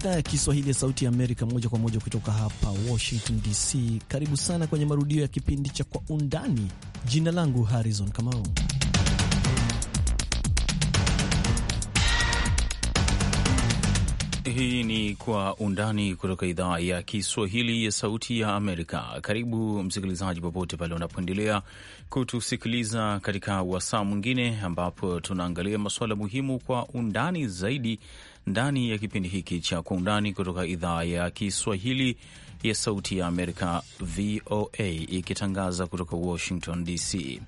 idhaa ya Kiswahili ya Sauti ya Amerika, moja kwa moja kutoka hapa Washington DC. Karibu sana kwenye marudio ya kipindi cha Kwa Undani. Jina langu Harrison Kamau. Hii ni Kwa Undani kutoka idhaa ya Kiswahili ya Sauti ya Amerika. Karibu msikilizaji, popote pale unapoendelea kutusikiliza katika wasaa mwingine, ambapo tunaangalia masuala muhimu kwa undani zaidi ndani ya kipindi hiki cha Kwa Undani kutoka idhaa ya Kiswahili ya Sauti ya Amerika, VOA, ikitangaza kutoka Washington DC.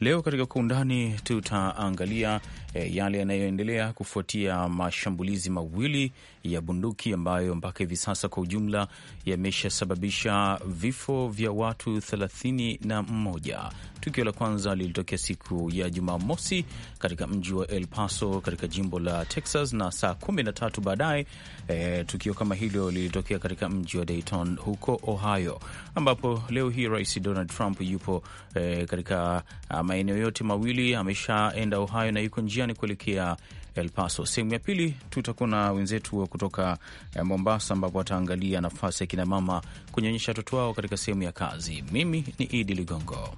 Leo katika Kwa Undani tutaangalia e, yale yanayoendelea kufuatia mashambulizi mawili ya bunduki ambayo mpaka hivi sasa kwa ujumla yameshasababisha vifo vya watu 31 Tukio la kwanza lilitokea siku ya Jumamosi katika mji wa El Paso katika jimbo la Texas, na saa 13 baadaye e, tukio kama hilo lilitokea katika mji wa Dayton huko Ohio, ambapo leo hii Rais Donald Trump yupo e, katika ah, maeneo yote mawili. Ameshaenda Ohio na yuko njiani kuelekea El Paso. Sehemu ya pili tutakuwa na wenzetu kutoka eh, Mombasa, ambapo wataangalia nafasi ya kinamama kunyonyesha watoto wao katika sehemu ya kazi. Mimi ni Idi Ligongo.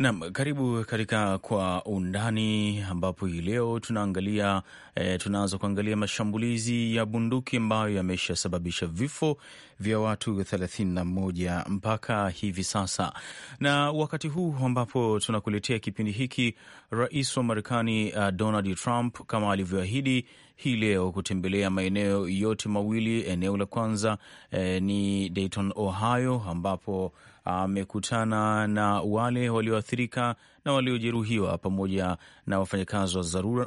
Naam, karibu katika Kwa Undani, ambapo hii leo tunaangalia e, tunaanza kuangalia mashambulizi ya bunduki ambayo yameshasababisha vifo vya watu 31 mpaka hivi sasa, na wakati huu ambapo tunakuletea kipindi hiki, rais wa Marekani uh, Donald Trump kama alivyoahidi hii leo kutembelea maeneo yote mawili. Eneo la kwanza e, ni Dayton, Ohio ambapo amekutana na wale walioathirika na waliojeruhiwa pamoja na wafanyakazi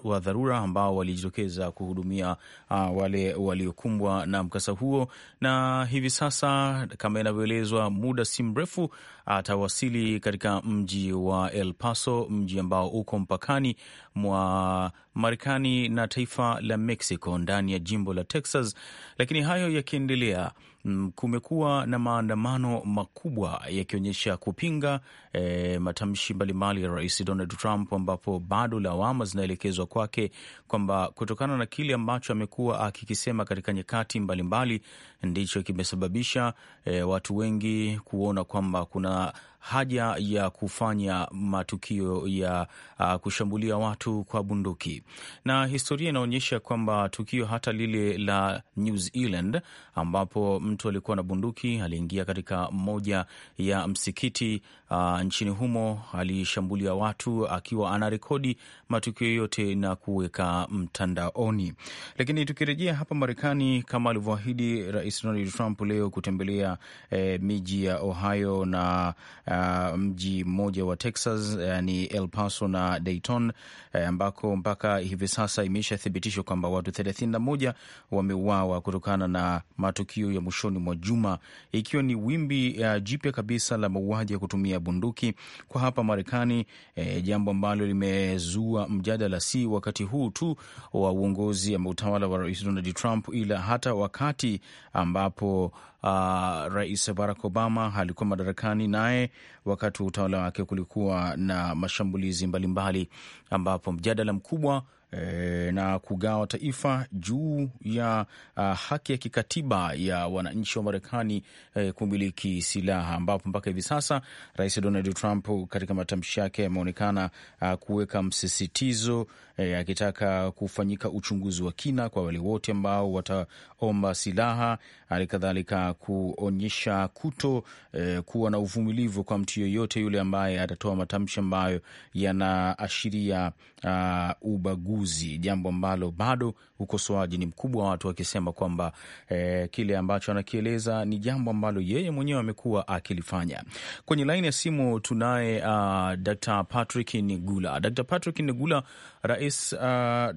wa dharura ambao walijitokeza kuhudumia uh, wale waliokumbwa na mkasa huo, na hivi sasa kama inavyoelezwa, muda si mrefu atawasili katika mji wa El Paso, mji ambao uko mpakani mwa Marekani na taifa la Mexico ndani ya jimbo la Texas. Lakini hayo yakiendelea, kumekuwa na maandamano makubwa yakionyesha kupinga e, matamshi mbalimbali ya Rais Donald Trump, ambapo bado lawama zinaelekezwa kwake kwamba kutokana na kile ambacho amekuwa akikisema katika nyakati mbalimbali ndicho kimesababisha e, watu wengi kuona kwamba kuna Uh. haja ya kufanya matukio ya uh, kushambulia watu kwa bunduki, na historia inaonyesha kwamba tukio hata lile la New Zealand ambapo mtu alikuwa na bunduki aliingia katika moja ya msikiti uh, nchini humo alishambulia watu akiwa anarekodi matukio yote na kuweka mtandaoni. Lakini tukirejea hapa Marekani, kama alivyoahidi Rais Donald Trump leo kutembelea eh, miji ya Ohio na uh, Uh, mji mmoja wa Texas uh, ni El Paso na Dayton uh, ambako mpaka hivi sasa imeshathibitishwa kwamba watu 31 wameuawa kutokana na matukio ya mwishoni mwa juma, ikiwa ni wimbi uh, jipya kabisa la mauaji ya kutumia bunduki kwa hapa Marekani, jambo ambalo limezua mjadala si wakati huu tu wa uongozi ama utawala wa Rais Donald Trump, ila hata wakati ambapo uh, Rais Barack Obama alikuwa madarakani, naye wakati wa utawala wake kulikuwa na mashambulizi mbalimbali mbali, ambapo mjadala mkubwa E, na kugawa taifa juu ya uh, haki ya kikatiba ya wananchi wa Marekani e, kumiliki silaha ambapo mpaka hivi sasa Rais Donald Trump katika matamshi yake uh, kuweka msisitizo e, akitaka kufanyika uchunguzi wa kina kwa wale wote ambao wataomba silaha, hali kadhalika kuonyesha kuto e, kuwa na uvumilivu kwa mtu yoyote yule ambaye atatoa matamshi ambayo yanaashiria ah, ubaguzi, jambo ambalo bado ukosoaji ni mkubwa, wa watu wakisema kwamba eh, kile ambacho anakieleza ni jambo ambalo yeye mwenyewe amekuwa akilifanya. Kwenye laini ya simu tunaye uh, Dr. Patrick Nigula. Dr. Patrick Nigula, Rais uh,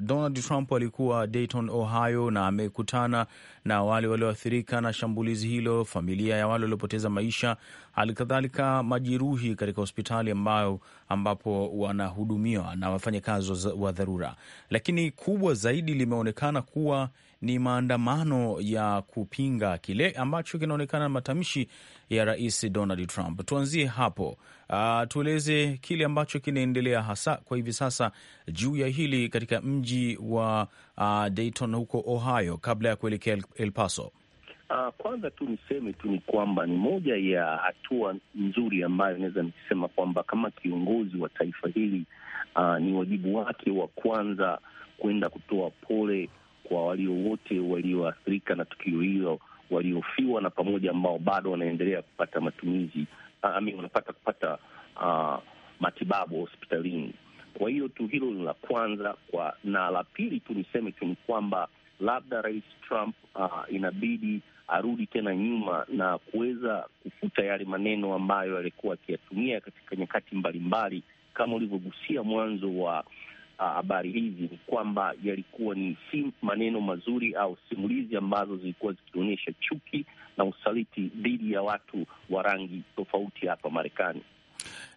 Donald Trump alikuwa Dayton, Ohio na amekutana na wale walioathirika na shambulizi hilo, familia ya wale waliopoteza maisha halikadhalika majeruhi katika hospitali ambayo ambapo wanahudumiwa na wafanyakazi wa dharura. Lakini kubwa zaidi limeonekana kuwa ni maandamano ya kupinga kile ambacho kinaonekana matamshi ya Rais Donald Trump. Tuanzie hapo. Uh, tueleze kile ambacho kinaendelea hasa kwa hivi sasa juu ya hili katika mji wa uh, Dayton huko Ohio kabla ya kuelekea El Paso. Uh, kwanza tu niseme tu ni kwamba ni moja ya hatua nzuri ambayo naweza nikisema kwamba kama kiongozi wa taifa hili uh, ni wajibu wake wa kwanza kwenda kutoa pole kwa walio wote walioathirika na tukio hilo, waliofiwa na pamoja ambao bado wanaendelea kupata matumizi ami, ah, wanapata kupata uh, matibabu hospitalini. Kwa hiyo tu hilo ni la kwanza kwa, na la pili tu niseme tu ni kwamba labda Rais Trump uh, inabidi arudi tena nyuma na kuweza kufuta yale maneno ambayo alikuwa akiyatumia katika nyakati mbalimbali. Kama ulivyogusia mwanzo wa habari hizi, ni kwamba yalikuwa ni si maneno mazuri au simulizi ambazo zilikuwa zikionyesha chuki na usaliti dhidi ya watu wa rangi tofauti hapa Marekani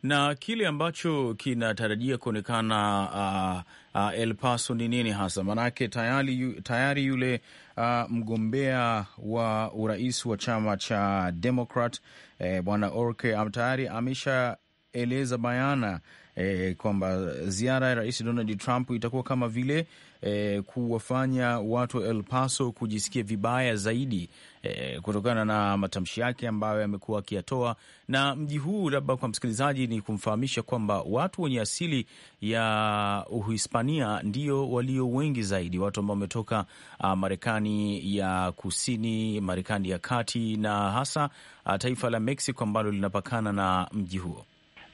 na kile ambacho kinatarajia kuonekana uh, uh, El Paso ni nini hasa? Maanake tayari, tayari yule uh, mgombea wa urais wa chama cha Democrat eh, bwana Orke tayari ameshaeleza bayana eh, kwamba ziara ya rais Donald Trump itakuwa kama vile eh, kuwafanya watu wa El Paso kujisikia vibaya zaidi eh, kutokana na matamshi yake ambayo amekuwa akiyatoa. Na mji huu, labda kwa msikilizaji, ni kumfahamisha kwamba watu wenye asili ya Uhispania ndio walio wengi zaidi, watu ambao wametoka uh, Marekani ya Kusini, Marekani ya Kati na hasa uh, taifa la Mexico ambalo linapakana na mji huo.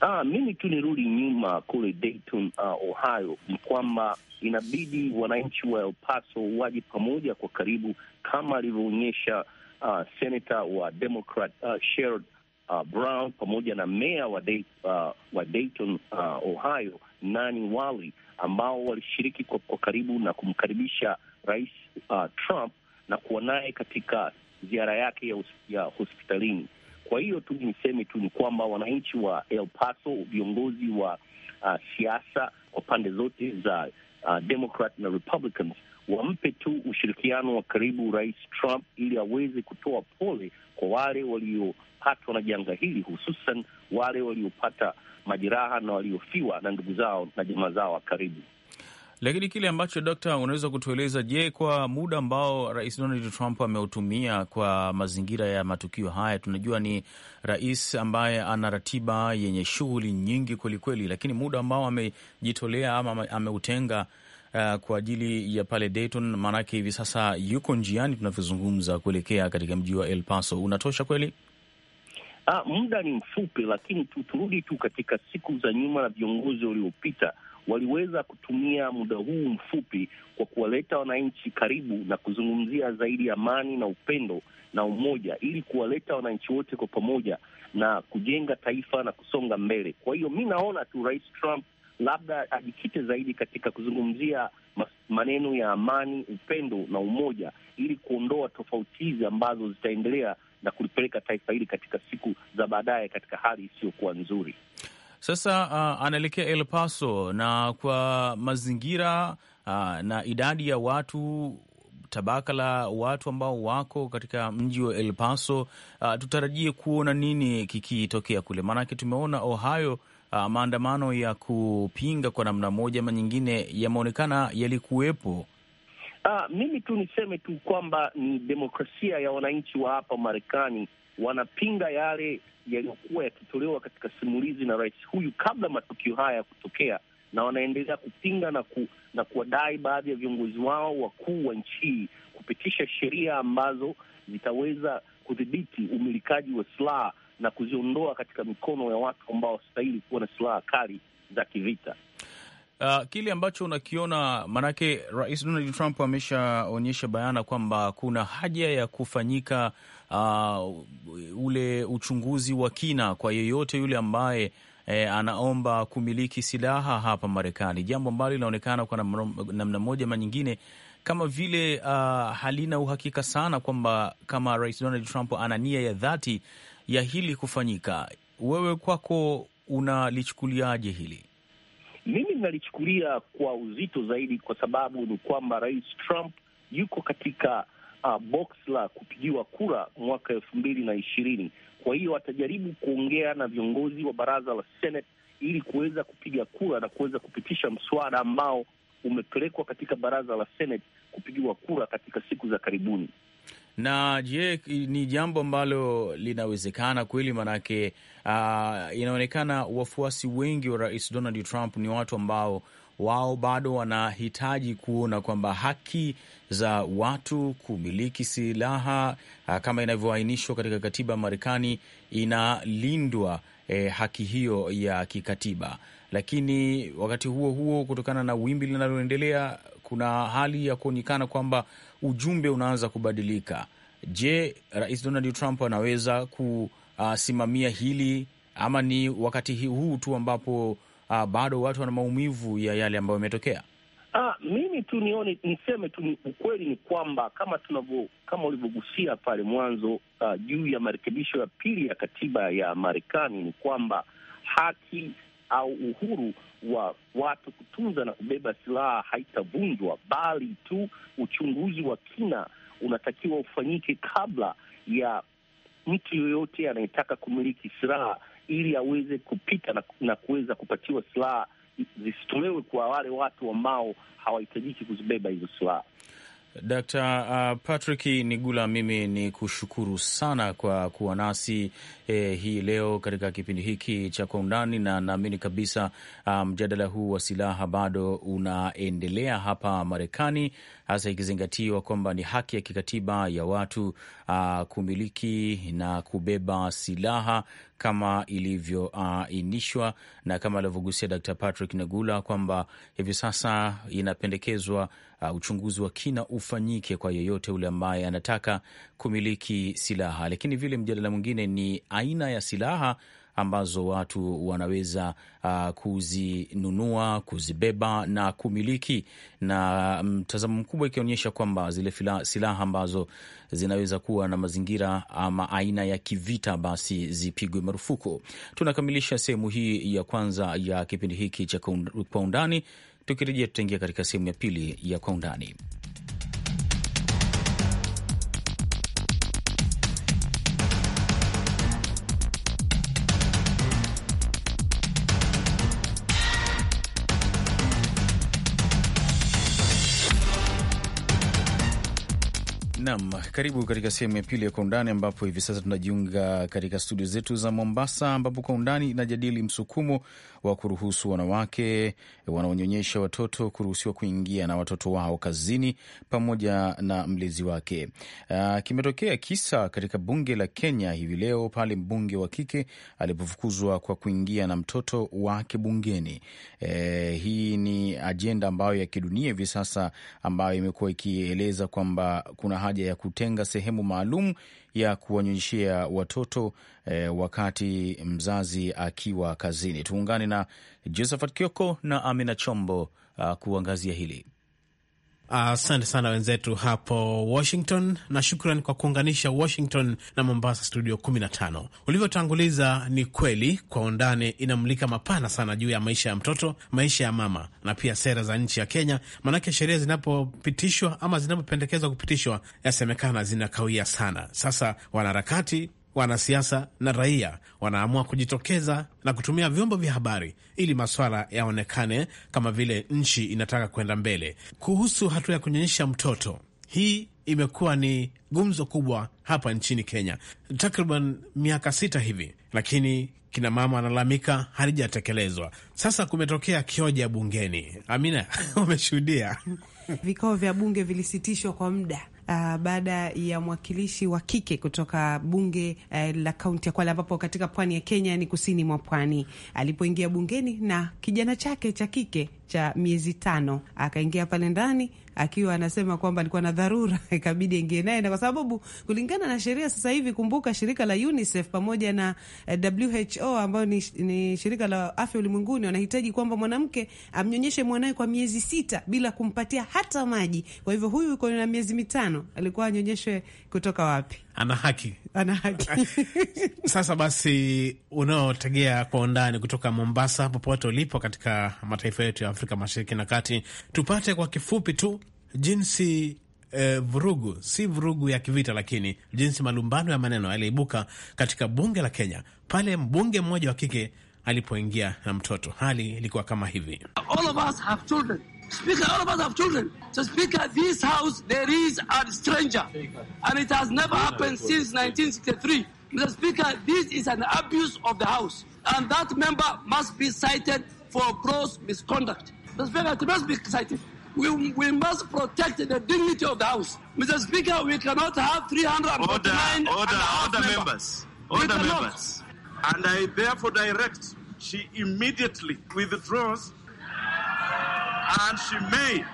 Ah, mimi tu nirudi nyuma kule Dayton, uh, Ohio, ni kwamba inabidi wananchi wa El Paso waje pamoja kwa karibu kama alivyoonyesha uh, senata wa Democrat uh, Sherrod uh, Brown pamoja na meya wa, Day, uh, wa Dayton uh, Ohio Nani Wali ambao walishiriki kwa, kwa karibu na kumkaribisha Rais uh, Trump na kuwa naye katika ziara yake ya, ya hospitalini. Kwa hiyo tu niseme tu ni kwamba wananchi wa El Paso, viongozi wa uh, siasa kwa pande zote za uh, Democrat na Republicans wampe tu ushirikiano wa karibu Rais Trump ili aweze kutoa pole kwa wale waliopatwa na janga hili, hususan wale waliopata majeraha na waliofiwa na ndugu zao na jamaa zao wa karibu. Lakini kile ambacho Dokta, unaweza kutueleza, je, kwa muda ambao Rais Donald Trump ameutumia kwa mazingira ya matukio haya, tunajua ni rais ambaye ana ratiba yenye shughuli nyingi kwelikweli, lakini muda ambao amejitolea ama ameutenga Uh, kwa ajili ya pale Dayton, maanake hivi sasa yuko njiani tunavyozungumza kuelekea katika mji wa El Paso, unatosha kweli? Ah, muda ni mfupi, lakini turudi tu katika siku za nyuma na viongozi waliopita waliweza kutumia muda huu mfupi kwa kuwaleta wananchi karibu na kuzungumzia zaidi amani na upendo na umoja, ili kuwaleta wananchi wote kwa pamoja na kujenga taifa na kusonga mbele. Kwa hiyo mi naona tu Rais Trump labda ajikite zaidi katika kuzungumzia maneno ya amani, upendo na umoja, ili kuondoa tofauti hizi ambazo zitaendelea na kulipeleka taifa hili katika siku za baadaye katika hali isiyokuwa nzuri. Sasa uh, anaelekea El Paso na kwa mazingira uh, na idadi ya watu tabaka la watu ambao wako katika mji wa El Paso, uh, tutarajie kuona nini kikitokea kule, maanake tumeona Ohio uh, maandamano ya kupinga kwa namna moja ama nyingine yameonekana yalikuwepo. Uh, mimi tu niseme tu kwamba ni demokrasia ya wananchi wa hapa Marekani wanapinga yale yaliyokuwa yakitolewa katika simulizi na rais huyu kabla matukio haya ya kutokea, na wanaendelea kupinga na, ku, na kuwadai baadhi ya viongozi wao wakuu wa nchi hii kupitisha sheria ambazo zitaweza kudhibiti umilikaji wa silaha na kuziondoa katika mikono ya watu ambao wastahili kuwa na silaha kali za kivita. Uh, kile ambacho unakiona, maanake Rais Donald Trump ameshaonyesha bayana kwamba kuna haja ya kufanyika uh, ule uchunguzi wa kina kwa yeyote yule ambaye E, anaomba kumiliki silaha hapa Marekani, jambo ambalo linaonekana kwa namna moja ama nyingine kama vile uh, halina uhakika sana kwamba kama Rais Donald Trump ana nia ya dhati ya hili kufanyika. Wewe kwako unalichukuliaje hili? Mimi nalichukulia kwa uzito zaidi, kwa sababu ni kwamba Rais Trump yuko katika uh, box la kupigiwa kura mwaka elfu mbili na ishirini. Kwa hiyo atajaribu kuongea na viongozi wa baraza la Senate ili kuweza kupiga kura na kuweza kupitisha mswada ambao umepelekwa katika baraza la Senate kupigiwa kura katika siku za karibuni. Na je, ni jambo ambalo linawezekana kweli? Maanake uh, ah, inaonekana wafuasi wengi wa Rais Donald Trump ni watu ambao wao bado wanahitaji kuona kwamba haki za watu kumiliki silaha ah, kama inavyoainishwa katika katiba ya Marekani inalindwa, eh, haki hiyo ya kikatiba. Lakini wakati huo huo, kutokana na wimbi linaloendelea kuna hali ya kuonekana kwamba ujumbe unaanza kubadilika. Je, Rais Donald Trump anaweza kusimamia hili ama ni wakati huu tu ambapo uh, bado watu wana maumivu ya yale ambayo yametokea? Ah, mimi tu nione niseme tu ni ukweli ni kwamba kama tunavyo kama ulivyogusia pale mwanzo uh, juu ya marekebisho ya pili ya katiba ya Marekani ni kwamba haki au uhuru wa watu kutunza na kubeba silaha haitavunjwa, bali tu uchunguzi wa kina unatakiwa ufanyike kabla ya mtu yoyote anayetaka kumiliki silaha ili aweze kupita na, na kuweza kupatiwa silaha zisitolewe kwa wale watu ambao hawahitajiki kuzibeba hizo silaha. Dkt. Uh, Patrick Nigula, mimi ni kushukuru sana kwa kuwa nasi eh, hii leo katika kipindi hiki cha Kwa Undani, na naamini kabisa uh, mjadala um, huu wa silaha bado unaendelea hapa Marekani, hasa ikizingatiwa kwamba ni haki ya kikatiba ya watu uh, kumiliki na kubeba silaha kama ilivyoainishwa uh, na kama alivyogusia Dkt. Patrick Nigula kwamba hivi sasa inapendekezwa uh, uchunguzi wa kina ufanyike kwa yeyote ule ambaye anataka kumiliki silaha. Lakini vile mjadala mwingine ni aina ya silaha ambazo watu wanaweza uh, kuzinunua, kuzibeba na kumiliki, na um, mtazamo mkubwa ikionyesha kwamba zile silaha ambazo zinaweza kuwa na mazingira ama aina ya kivita basi zipigwe marufuku. Tunakamilisha sehemu hii ya kwanza ya kipindi hiki cha Kwa Undani. Tukirejea tutaingia katika sehemu ya pili ya kwa undani. Nam, karibu katika sehemu ya pili ya kwa undani, ambapo hivi sasa tunajiunga katika studio zetu za Mombasa, ambapo kwa undani inajadili msukumo wa kuruhusu wanawake wanaonyonyesha watoto kuruhusiwa kuingia na watoto wao kazini pamoja na mlezi wake. Ah, kimetokea kisa katika bunge la Kenya hivi leo pale mbunge wa kike alipofukuzwa kwa kuingia na mtoto wake bungeni. E, hii ni ajenda ambayo ya kidunia hivi sasa ambayo imekuwa ikieleza kwamba kuna haja ya kutenga sehemu maalum ya kuwanyonyeshea watoto eh, wakati mzazi akiwa kazini. Tuungane na Josephat Kioko na Amina Chombo uh, kuangazia hili. Asante uh, sana wenzetu hapo Washington, na shukran kwa kuunganisha Washington na Mombasa studio 15. Ulivyotanguliza ni kweli, kwa undani inamulika mapana sana juu ya maisha ya mtoto, maisha ya mama na pia sera za nchi ya Kenya, maanake sheria zinapopitishwa ama zinapopendekezwa kupitishwa, yasemekana zinakawia sana. Sasa wanaharakati wanasiasa na raia wanaamua kujitokeza na kutumia vyombo vya habari ili maswala yaonekane kama vile nchi inataka kwenda mbele. Kuhusu hatua ya kunyonyesha mtoto, hii imekuwa ni gumzo kubwa hapa nchini Kenya takriban miaka sita hivi, lakini kina mama wanalalamika halijatekelezwa. Sasa kumetokea kioja bungeni. Amina, umeshuhudia vikao vya bunge vilisitishwa kwa muda uh, baada ya mwakilishi wa kike kutoka bunge uh, la kaunti ya Kwale ambapo katika pwani ya Kenya ni kusini mwa pwani, alipoingia bungeni na kijana chake cha kike cha miezi tano akaingia pale ndani akiwa anasema kwamba alikuwa na dharura ikabidi ingie naye, na kwa sababu kulingana na sheria sasa hivi, kumbuka shirika la UNICEF pamoja na eh, WHO ambayo ni, ni shirika la afya ulimwenguni wanahitaji kwamba mwanamke amnyonyeshe mwanawe kwa miezi sita bila kumpatia hata maji. Kwa hivyo huyu yuko na miezi mitano, alikuwa anyonyeshwe kutoka wapi? ana haki, ana haki. Sasa basi, unaotegea kwa undani kutoka Mombasa, popote ulipo katika mataifa yetu ya Afrika Mashariki na Kati, tupate kwa kifupi tu jinsi eh, vurugu si vurugu ya kivita, lakini jinsi malumbano ya maneno yaliibuka katika bunge la Kenya pale mbunge mmoja wa kike alipoingia na mtoto. Hali ilikuwa kama hivi All of us have Speaker, all of us have children. So, Speaker, this house, there is a stranger. And it has never happened since 1963. Mr. Speaker, this is an abuse of the House. And that member must be cited for gross misconduct. Mr. Speaker, it must be cited. We, we must protect the dignity of the House. Mr. Speaker, we cannot have 349 order, order, order members. Order members. And I therefore direct she immediately withdraws and she may.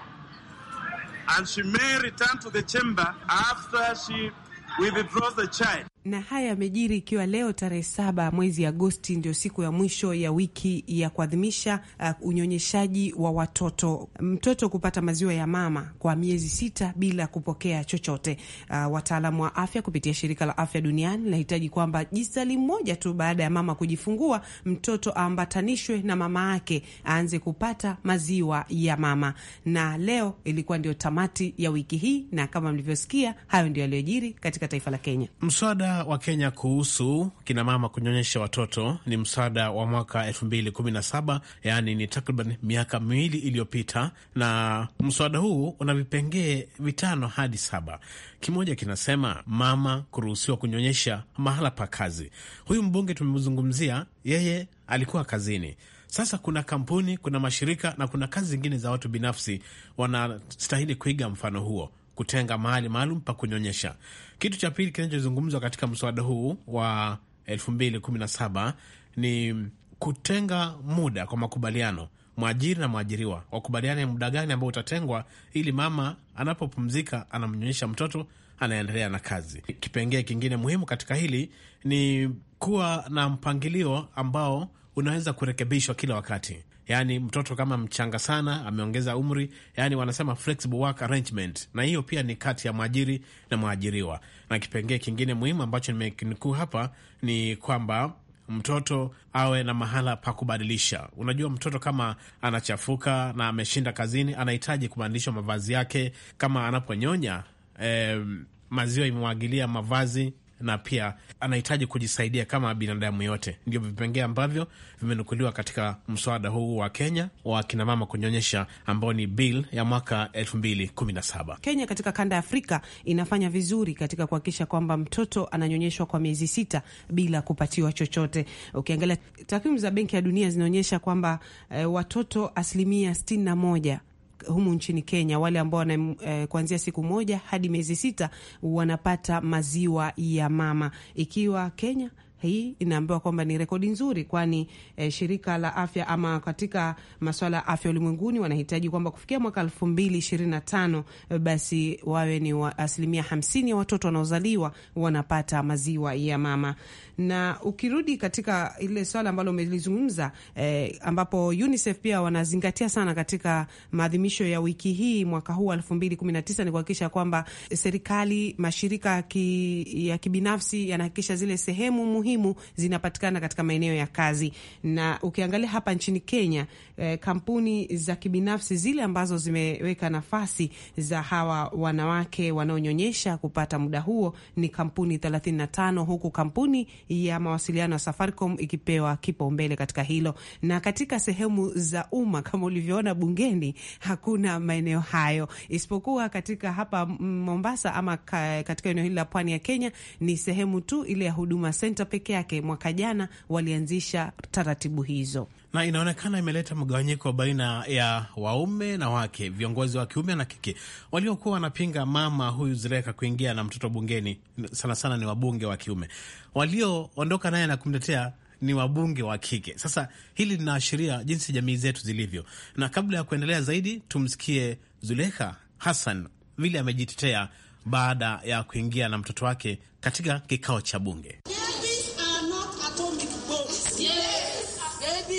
And she may return to the chamber after she withdraws the child. na haya yamejiri ikiwa leo tarehe saba mwezi Agosti ndio siku ya mwisho ya wiki ya kuadhimisha uh, unyonyeshaji wa watoto, mtoto kupata maziwa ya mama kwa miezi sita bila kupokea chochote. Uh, wataalamu wa afya kupitia shirika la afya duniani linahitaji kwamba jisali mmoja tu baada ya mama kujifungua mtoto aambatanishwe na mama yake aanze kupata maziwa ya mama, na leo ilikuwa ndio tamati ya wiki hii, na kama mlivyosikia, hayo ndio yaliyojiri katika taifa la Kenya. Mswada wa Kenya kuhusu kinamama kunyonyesha watoto ni msaada wa mwaka 2017 yaani ni takriban miaka miwili iliyopita, na mswada huu una vipengee vitano hadi saba. Kimoja kinasema mama kuruhusiwa kunyonyesha mahala pa kazi. Huyu mbunge tumemzungumzia, yeye alikuwa kazini. Sasa kuna kampuni, kuna mashirika na kuna kazi zingine za watu binafsi, wanastahili kuiga mfano huo, kutenga mahali maalum pa kunyonyesha. Kitu cha pili kinachozungumzwa katika mswada huu wa 2017 ni kutenga muda kwa makubaliano, mwajiri na mwajiriwa wakubaliane muda gani ambao utatengwa, ili mama anapopumzika anamnyonyesha mtoto anaendelea na kazi. Kipengee kingine muhimu katika hili ni kuwa na mpangilio ambao unaweza kurekebishwa kila wakati yani mtoto kama mchanga sana ameongeza umri, yani wanasema flexible work arrangement, na hiyo pia ni kati ya mwajiri na mwajiriwa. Na kipengee kingine muhimu ambacho nimekinukuu hapa ni kwamba mtoto awe na mahala pa kubadilisha. Unajua, mtoto kama anachafuka na ameshinda kazini, anahitaji kubadilishwa mavazi yake, kama anaponyonya eh, maziwa imemwagilia mavazi na pia anahitaji kujisaidia kama binadamu yote. Ndio vipengee ambavyo vimenukuliwa katika mswada huu wa Kenya wa kinamama kunyonyesha, ambao ni bill ya mwaka 2017. Kenya katika kanda ya Afrika inafanya vizuri katika kuhakikisha kwamba mtoto ananyonyeshwa kwa miezi sita bila kupatiwa chochote. Ukiangalia takwimu za Benki ya Dunia zinaonyesha kwamba eh, watoto asilimia 61 humu nchini Kenya, wale ambao wana eh, kuanzia siku moja hadi miezi sita wanapata maziwa ya mama, ikiwa Kenya hii inaambiwa kwamba ni rekodi nzuri, kwani eh, shirika la afya ama katika masuala ya afya ulimwenguni wanahitaji kwamba kufikia mwaka elfu mbili ishirini na tano eh, basi wawe ni wa asilimia hamsini ya watoto wanaozaliwa wanapata maziwa ya mama. Na ukirudi katika ile swala ambalo umelizungumza eh, ambapo UNICEF pia wanazingatia sana katika maadhimisho ya wiki hii mwaka huu elfu mbili kumi na tisa ni kuhakikisha kwamba serikali, mashirika ki, ya kibinafsi yanahakikisha zile sehemu muhimu zinapatikana katika maeneo ya kazi. Na ukiangalia hapa nchini Kenya eh, kampuni za kibinafsi zile ambazo zimeweka nafasi za hawa wanawake wanaonyonyesha kupata muda huo ni kampuni 35 huku kampuni ya mawasiliano ya Safaricom ikipewa kipaumbele katika hilo, na katika sehemu za umma kama ulivyoona bungeni hakuna maeneo hayo, isipokuwa katika hapa Mombasa ama katika eneo hili la pwani ya Kenya ni sehemu tu ile ya Huduma Center peke yake. Mwaka jana walianzisha taratibu hizo na inaonekana imeleta mgawanyiko baina ya waume na wake, viongozi wa kiume na kike waliokuwa wanapinga mama huyu Zureka kuingia na mtoto bungeni. Sana sana ni wabunge wa kiume, walioondoka naye na kumtetea ni wabunge wa kike. Sasa hili linaashiria jinsi jamii zetu zilivyo, na kabla ya kuendelea zaidi, tumsikie Zulekha Hassan vile amejitetea baada ya kuingia na mtoto wake katika kikao cha bunge.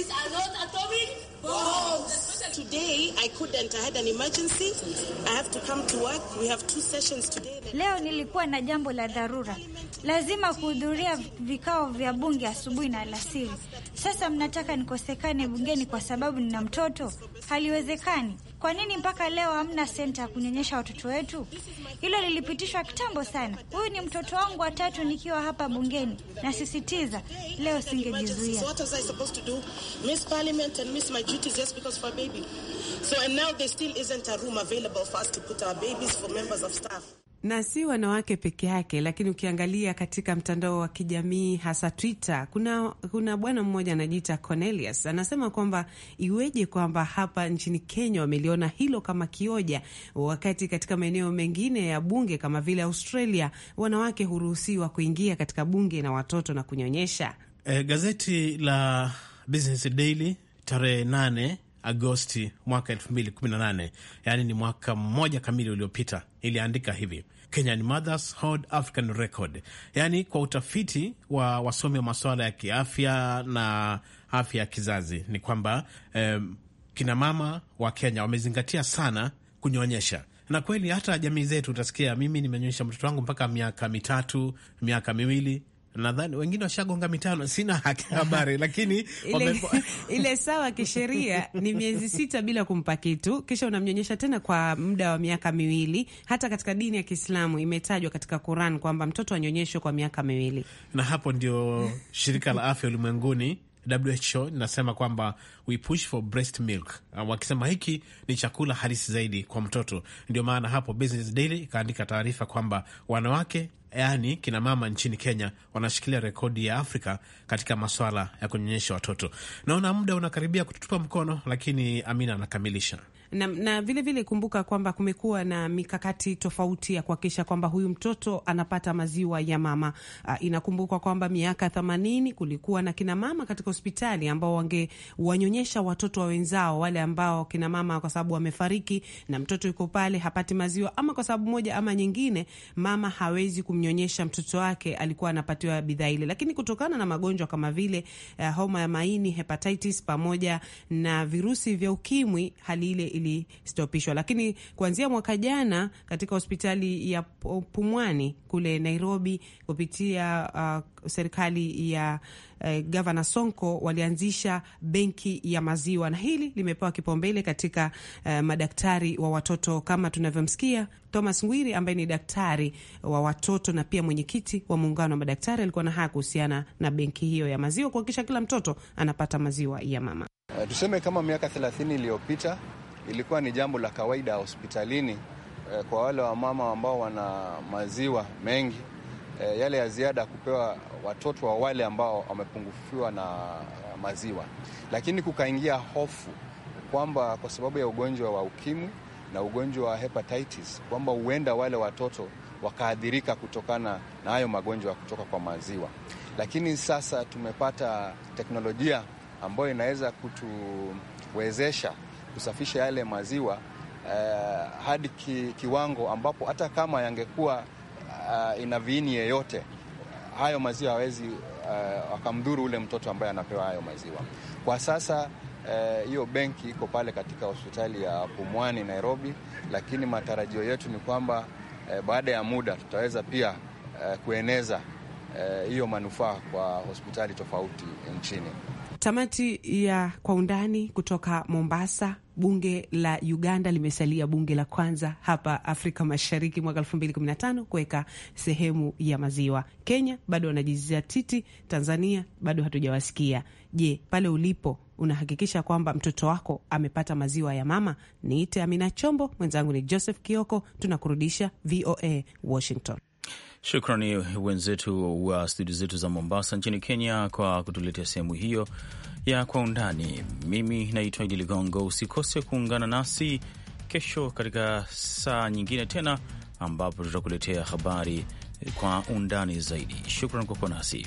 These are not atomic bombs. Today I couldn't. I had an emergency. I have to come to work. We have two sessions today. Leo nilikuwa na jambo la dharura, lazima kuhudhuria vikao vya bunge asubuhi na alasiri. Sasa mnataka nikosekane bungeni kwa sababu nina mtoto? Haliwezekani. Kwa nini mpaka leo hamna senta ya kunyonyesha watoto wetu? Hilo lilipitishwa kitambo sana. Huyu ni mtoto wangu wa tatu nikiwa hapa bungeni, nasisitiza leo singejizuia. So, and now there still isn't a room available for us to put our babies for members of staff na si wanawake peke yake, lakini ukiangalia katika mtandao wa kijamii hasa Twitter, kuna, kuna bwana mmoja anajiita Cornelius anasema kwamba iweje kwamba hapa nchini Kenya wameliona hilo kama kioja, wakati katika maeneo mengine ya bunge kama vile Australia wanawake huruhusiwa kuingia katika bunge na watoto na kunyonyesha. E, gazeti la Business Daily tarehe nane Agosti mwaka 2018, yaani ni mwaka mmoja kamili uliopita, iliandika hivi Kenyan Mothers Hold African Record, yaani kwa utafiti wa wasomi wa masuala ya kiafya na afya ya kizazi ni kwamba eh, kinamama wa Kenya wamezingatia sana kunyonyesha na kweli hata jamii zetu utasikia, mimi nimenyonyesha mtoto wangu mpaka miaka mitatu, miaka miwili, nadhani wengine washagonga mitano, sina haki habari lakini ile, ile sawa kisheria ni miezi sita bila kumpa kitu, kisha unamnyonyesha tena kwa muda wa miaka miwili. Hata katika dini ya Kiislamu imetajwa katika Quran kwamba mtoto anyonyeshwe kwa miaka miwili, na hapo ndio shirika la afya ulimwenguni WHO inasema kwamba we push for breast milk, ah, wakisema hiki ni chakula halisi zaidi kwa mtoto. Ndio maana hapo Business Daily ikaandika taarifa kwamba wanawake, yaani kina mama nchini Kenya wanashikilia rekodi ya Afrika katika maswala ya kunyonyesha watoto. Naona muda unakaribia kututupa mkono, lakini Amina anakamilisha na, na vile vile kumbuka kwamba kumekuwa na mikakati tofauti ya kuhakikisha kwamba huyu mtoto anapata maziwa ya mama. Uh, inakumbukwa kwamba miaka themanini kulikuwa na kina mama katika hospitali ambao wangewanyonyesha watoto wa wenzao wale ambao kina mama kwa sababu wamefariki na mtoto yuko pale hapati maziwa, ama kwa sababu moja ama nyingine, mama hawezi kumnyonyesha mtoto wake, alikuwa anapatiwa bidhaa ile, lakini kutokana na magonjwa kama vile uh, homa ya maini, hepatitis pamoja na virusi vya ukimwi, hali ile ilisitopishwa, lakini kuanzia mwaka jana katika hospitali ya Pumwani kule Nairobi kupitia uh, serikali ya uh, eh, gavana Sonko walianzisha benki ya maziwa, na hili limepewa kipaumbele katika uh, madaktari wa watoto kama tunavyomsikia Thomas Ngwiri ambaye ni daktari wa watoto na pia mwenyekiti wa muungano wa madaktari alikuwa na haya kuhusiana na benki hiyo ya maziwa kuhakikisha kila mtoto anapata maziwa ya mama. Uh, tuseme kama miaka thelathini iliyopita ilikuwa ni jambo la kawaida hospitalini eh, kwa wale wamama ambao wana maziwa mengi eh, yale ya ziada kupewa watoto wa wale ambao wamepungufiwa na maziwa, lakini kukaingia hofu kwamba kwa sababu ya ugonjwa wa ukimwi na ugonjwa wa hepatitis kwamba huenda wale watoto wakaathirika kutokana na hayo magonjwa kutoka kwa maziwa. Lakini sasa tumepata teknolojia ambayo inaweza kutuwezesha kusafisha yale maziwa uh, hadi ki, kiwango ambapo hata kama yangekuwa uh, ina viini yeyote hayo maziwa hawezi uh, wakamdhuru ule mtoto ambaye anapewa hayo maziwa. Kwa sasa hiyo uh, benki iko pale katika hospitali ya Pumwani Nairobi, lakini matarajio yetu ni kwamba uh, baada ya muda tutaweza pia uh, kueneza hiyo uh, manufaa kwa hospitali tofauti nchini. Tamati ya Kwa Undani kutoka Mombasa. Bunge la Uganda limesalia bunge la kwanza hapa Afrika Mashariki mwaka 2015 kuweka sehemu ya maziwa. Kenya bado wanajizia titi Tanzania bado hatujawasikia. Je, pale ulipo unahakikisha kwamba mtoto wako amepata maziwa ya mama? Niite Amina Chombo, mwenzangu ni Joseph Kioko, tunakurudisha VOA Washington. Shukrani wenzetu wa studio zetu za Mombasa nchini Kenya kwa kutuletea sehemu hiyo ya Kwa Undani. Mimi naitwa Idi Ligongo. Usikose kuungana nasi kesho katika saa nyingine tena, ambapo tutakuletea habari kwa undani zaidi. Shukran kwa kuwa nasi.